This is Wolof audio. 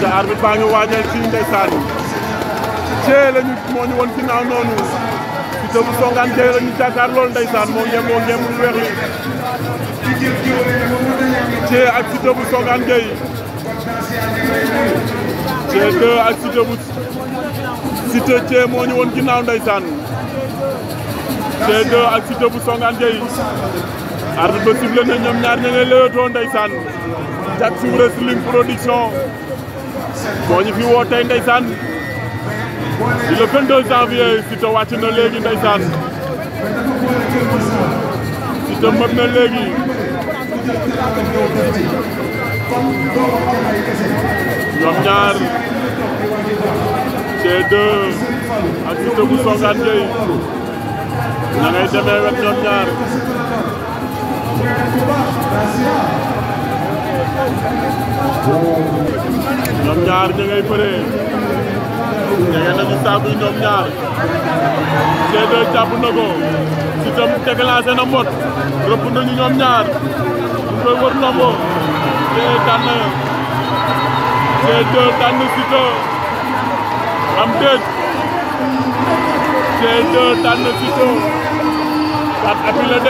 te arbitre baa ngi waajal ci ndeysaan yi cee lañu moo ñu woon ginnaaw noonu Siteu bu Songane cee lañu jàkkaar lool ndeysaan moo yem moo yem lu weex li cee ak Siteu bu Songane Gueye cee deux ak Siteu bu Siteu cee moo ñu woon ginnaaw ndeysaan cee deux ak Siteu bu Songane Gueye arbitre ba sifflé na ñoom ñaar ña ngay léewatoo ndeysaan Jack Soures Slim Production moo ñu fi woo tey ndeysaan di le 22 janvier Siteu na léegi ndeysaan Siteu mën na léegi ñoom ñaar g ak Siteu bu Songane Gueye na ngay demee wet ñoom ñaar ñoom ñaar ña ngay bëree ña ngay def ñoom ñaar G2 jàpp na ko Siteu mu déclenché na mot ñoom ñaar ñu koy wër ndombo te daan na g am déet G2 daan na Siteu kat